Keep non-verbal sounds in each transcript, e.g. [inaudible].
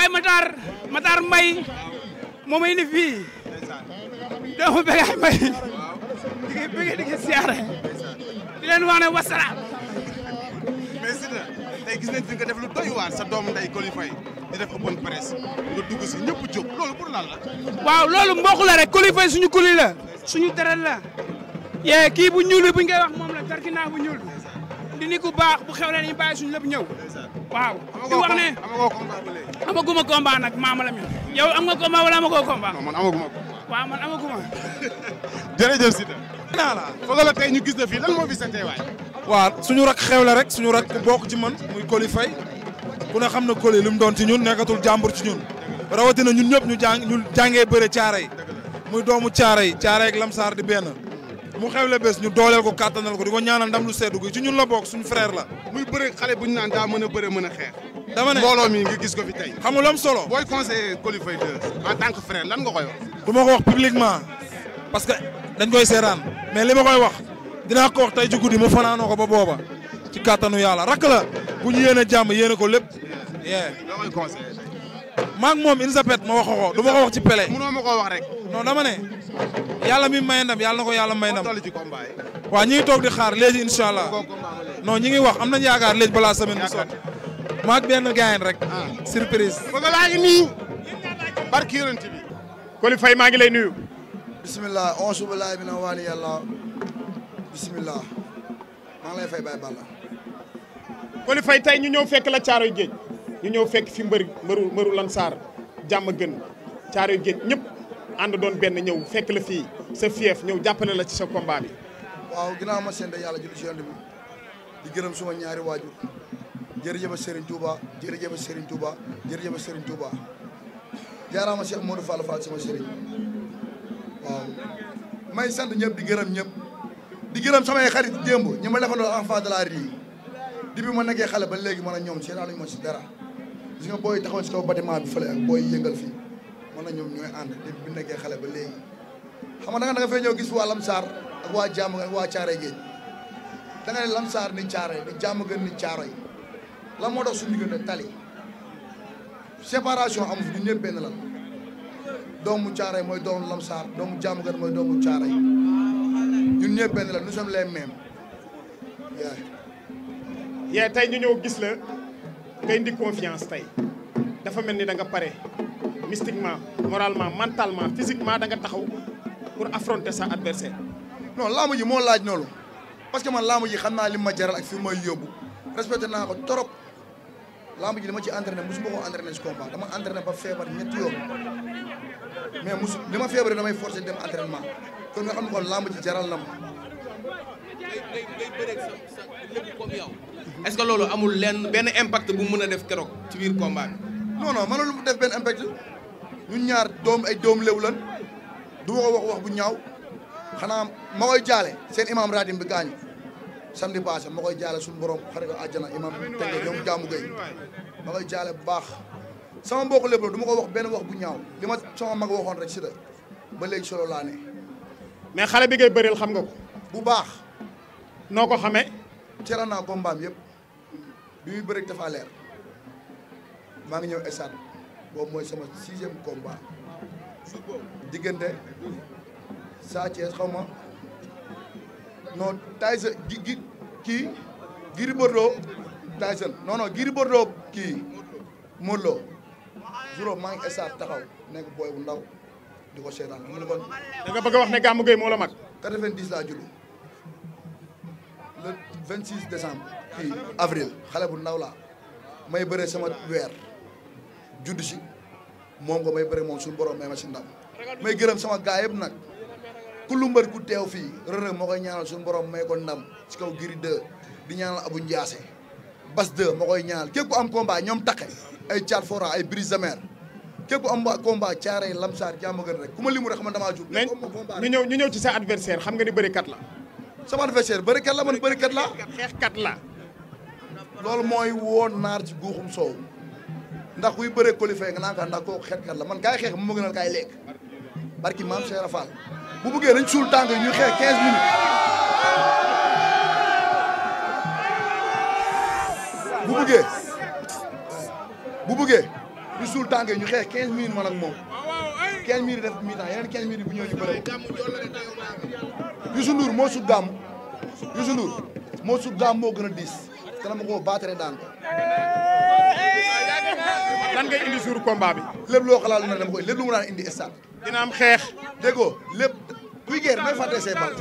baay Matar Matar Mbaye moom indi fii doomu Bécaye Mbaye di nga bëgg di siyaare di leen wax ne wasalaam. mais Siteu tey gis nañ fi nga def lu doy sa doomu nday Coly Faye di def open press nga dugg si ñëpp loolu pour lan la. waaw loolu mbokk la suñu kuli la suñu deret la yee kii bu buñ koy wax moom la tarkinaa bu di ni ku baax bu xewlee dañuy bàyyi suñu lépp ñëw. waaw di wax ne amaguma combat nag maama la mi yow am nga combat wala amagoo combat. non man amaguma combat. waaw man amaguma. [laughs] ñu gis fii lan moo fi sa teewaay. waaw suñu rak xewle rek suñu rak ku bokk ci man muy Coly Faye ku xam na Coly li mu doon ci ñun nekkatul jàmbur ci ñun. rawatina ñun ñëpp ñu jàng ñu jàngee bëre caare yi muy doomu caare yi caare ak lamsaar di benn. mu xewle bés ñu dooleel ko kàttanal ko di ko ñaanal ndam lu seddu gi ci ñun la bokk suñu frère la muy bëre xale bu naan daa mën a bëre mën a xeex dama ne mbooloo mi nga gis ko fi tey xam nga lu solo booy conseiller Coly Faye 2 en tant que frère lan nga wax du ma ko wax publiquement parce que dañ koy seeraan mais li ma koy wax dinaa ko wax tey ci guddi mu fanaanoo ko ba booba ci kàttanu yàlla rak la bu ñu yéen a jàmm yéen ko lépp yee maa moom Elisabeth ma wax ko du ma ko wax ci pele mënoo ma ko wax rek non dama ne yàlla mi may ndam yàlla na ko yàlla may ndam waaw ñi ngi toog di xaar léegi incha allah non ñi ngi wax am nañ yaakaar léegi balaa semaine bu sotti maag benn gaayen rek ah. surprise ba nga laa ngi nii barki yonent maa ngi lay nuyu bisimilah onsu bilaay bi na waali yàlla bisimilah maa lay fay Baye Balla Coly Faye ñu ñëw fekk la Caaroy Géej ñu ñëw fekk fi mbër mbëru mbëru Lansar jàmm gën Caaroy Géej ñëpp ànd benn ñëw fekk fi fii sa fief ñëw jàppale la ci sa combat waaw ginnaaw ma seen yàlla julli si yonent bi di gërëm suma ñaari waajur jërëjëf Serigne Touba jërëjëf Serigne Touba jërëjëf Serigne Touba jaaraama Cheikh Modou Fall Fall sama Serigne waaw. may sant ñëpp di gërëm ñëpp di gërëm samay xarit démb ñi ma defandoo enfant de la rue yi depuis ma nekkee xale ba léegi man a ñoom seen aluñu ma si dara gis nga booy taxaw si kaw bâtiment bi fële ak booy yëngal fii. man na ñoom ñooy ànd te bi nekkee xale ba léegi xam nga da nga da nga fay gis waa Lamsaar ak waa Jàmm ak waa Caaroy Géej da nga ne Lamsaar ni Caaroy ni Jàmm gën ni Caaroy lan moo tax suñu diggante tali séparation am ñu benn la doomu Caaroy mooy doomu Lamsaar doomu Jàmm gën mooy doomu Caaroy ñun ñëpp benn la nous sommes les mêmes yaay tey ñu ñëw gis la ngay indi confiance tey dafa mel ni da nga pare mystiquement moralement mentalement physiquement da nga taxaw pour affronter sa adversaire non laamu ji moo laaj noonu parce que man laamu ji xam naa li ma jaral ak fi may yóbbu respecté naa ko trop laamu ji dama ci entraîné musuma ko entraîné si combat dama entraîné ba feebar ñetti yoon mais musu li ma feebaree damay forcé dem entraînement kon nga xam ne kon laamu ji jaral na ma. ngay que loolu amul lenn benn impact bu mu mën a def keroog ci biir combat bi. non non mënul def ñun ñaar doom ay doom léew lan du ma ko wax wax bu ñaaw xanaa ma koy jaale seen imam radim bi gaañu samedi passé ma koy jaale suñ borom xare ko àjjana imam tege ñoom jaamu gay ma koy jaale bu baax sama mbokk lépp la du ma ko wax benn wax bu ñaaw li ma sama mag waxoon rek si da ba léegi solo laa mais xale bi ngay bëreel xam nga ko bu baax noo ko xamee teral naa mbaam yëpp bi muy bëri dafa leer maa ngi ñëw essan boobu mooy sama sixième combat diggante Sa Thiès xaw ma non Tyson gi gi kii Gris Bordeaux Tyson non non Gris kii Modou juróom maa estaat taxaw nekk booy bu ndaw di ko seetaan mu ne kon da nga bëgg a wax ne Gamou Gueye moo la mag 90 laa judd le 26 décembre kii avril xale bu ndaw laa may bëre sama weer judd si moom ko may bëri moom suñu borom may ma ci ndam may gërëm sama gaa yëpp nag ku lu mbër ku teew fii rërë moo koy ñaanal suñu borom may ko ndam ci kaw giri 2 di ñaanal Abu Ndiaase Bas 2 moo koy ñaanal képp ku am combat ñoom taqe ay Thiat Fora ay Brise de Mer képp ku am combat caare lamsaar jàmm gën rek ku ma limu rek man damaa jur. mais ñu ñëw ñu ñëw ci sa adversaire xam nga ni bëri kat la. sama adversaire bëri kat la man bëri kat la. loolu mooy woon naar ci guuxum soow. ndax kuy bëree qualifié nga naan ko ndax kooku xeexkat la man kaay xeex mu ma gënal kaay lekk barki maam Cheikh Rafal bu bëggee nañ suul tànk ñu xeex 15 minutes bu bëggee bu bëggee ñu suul tànk ñu xeex 15 minutes man ak moom 15 minutes def mi temps yeneen 15 minutes bu ñëw ñu bëri Youssou Ndour moo sut gàmm moo gën a diis dana ma koo baatare daan lan ngay indi suur combat bi. lépp loo xalaat lu ne dama koy lépp lu mu daan indi stade. dina am xeex. dégg lépp kuy geer may fàtte say bal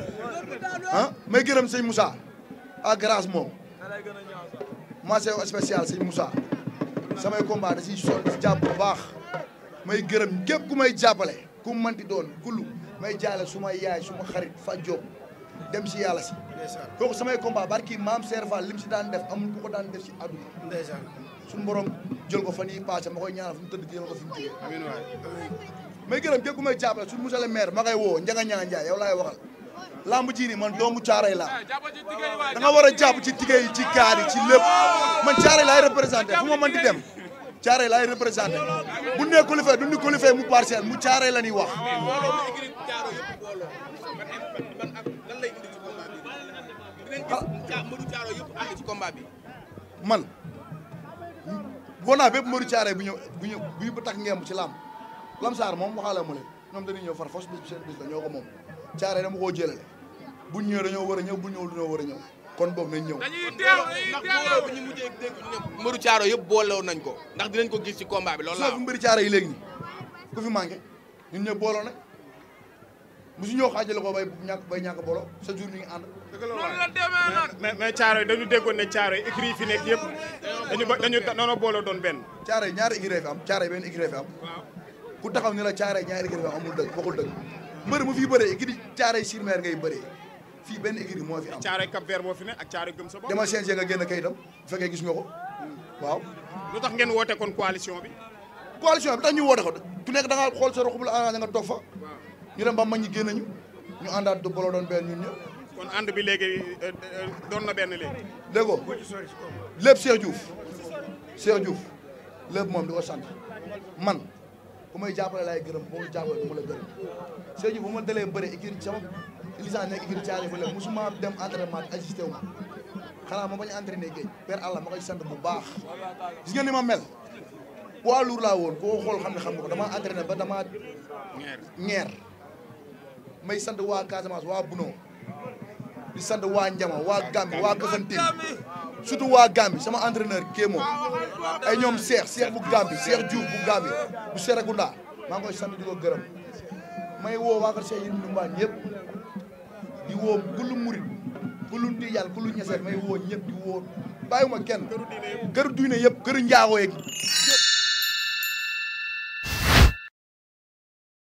ah may gërëm sëñ Moussa à grâce moom mention spéciale sëñ Moussa samay combat da ciy sonn ci jàpp bu baax may gërëm képp ku may jàppale ku manti doon kullu may jaale suma yaay suma xarit fa Diop dem si yàlla si. kooku samay combat barki maam Serre Fall lim si daan def amul ku ko daan def si àdduna. suñu borom jël ko fan yii passé ma koy ñaanal fu mu tëdd jël ko fi mu jógee amiin waay may gërëm képp ku may jàppale suñu monsieur le maire ma koy woo Njaga Njaga Njaay yow laay waxal lamb ji ni man doomu caaray la eh, da nga war a ci tigé ci kaar ci lépp man caaray laay représenté fu ma mën di dem caaray laay représenté bu ne qualifié du ni qualifié mu parcelle mu caaray la ñuy wax man boo naa bépp mbëru caare bu ñëw bu ñëw bu bu takk ngemb ci lamb lamsaar moom waxaale mu leen ñoom dañuy ñëw far fos bis seen bis la ñoo ko moom caare dama koo jëlale buñ ñëw dañoo war a ñëw buñ ñëw dañoo war a ñëw kon boog nañ ñëw ndax mbooloo bi ñu mujjee dégg ñu ne mbëru caaro yëpp booloo nañ ko ndax dinañ ko gis ci combat bi loolu la mbëru caaro yi léegi ñi ku fi manqué ñun ñëpp booloo nañ musu ñëw xaajale ko bay ñàkk bay ñàkk bolo sa jour ñu ngi ànd. noonu la dañu déggoon ne Thiaroye écurie yi fi nekk yëpp dañu noonu booloo doon benn. Thiaroye ñaari écurie fi am Thiaroye benn écurie fi am. ku taxaw ni la Thiaroye ñaari écurie fi am amul dëgg bokkul dëgg. mbër mu fi bëree écurie Thiaroye sur mer ngay bëree fii benn écurie moo fi am. Thiaroye Cap fi nekk Sa Bopp. dama changé nga génn kayitam bu fekkee gis nga ko hmm. waaw. lu tax ngeen woote kon coalition bi. coalition bi tax ñu woote ko ku nekk da nga xool sa roxub la nga toog fa ñu dem ba mag ñi génn ñu ñu àndaat du booloo doon benn ñun ñëpp. kon ànd bi léegi doon na benn léegi. déggoo lépp Cheikh Diouf Cheikh Diouf moom di ko sant man bu may jàppale gërëm boo jàppale du ma gërëm Cheikh Diouf bu ma dalee bëre écurie sama Elisa nekk écurie caare fa léegi musuma dem entraînement assisté wu ma xanaa ma bañ a entraîné géej père Allah ma koy sant bu baax gis ngeen ni ma mel. poids lourd woon koo xool xam ne xam nga ko damaa entraîné ba damaa ñeer ñeer may sant waa Casamance waa Buno di sant waa Njama waa Gambi waa Gafantin surtout waa Gambi sama entraîneur Kémo ay ñoom Cheikh Cheikh bu Gambi Cheikh Diouf bu Gambi bu Serekunda maa ngi sant di ko gërëm may woo waa kër Cheikh Yérim Ndoumane ñëpp di woo kullu murit kullu Tijaan kullu ñeseen may woo ñëpp di woo bàyyiwuma kenn këru diine yëpp këru njaago yeeg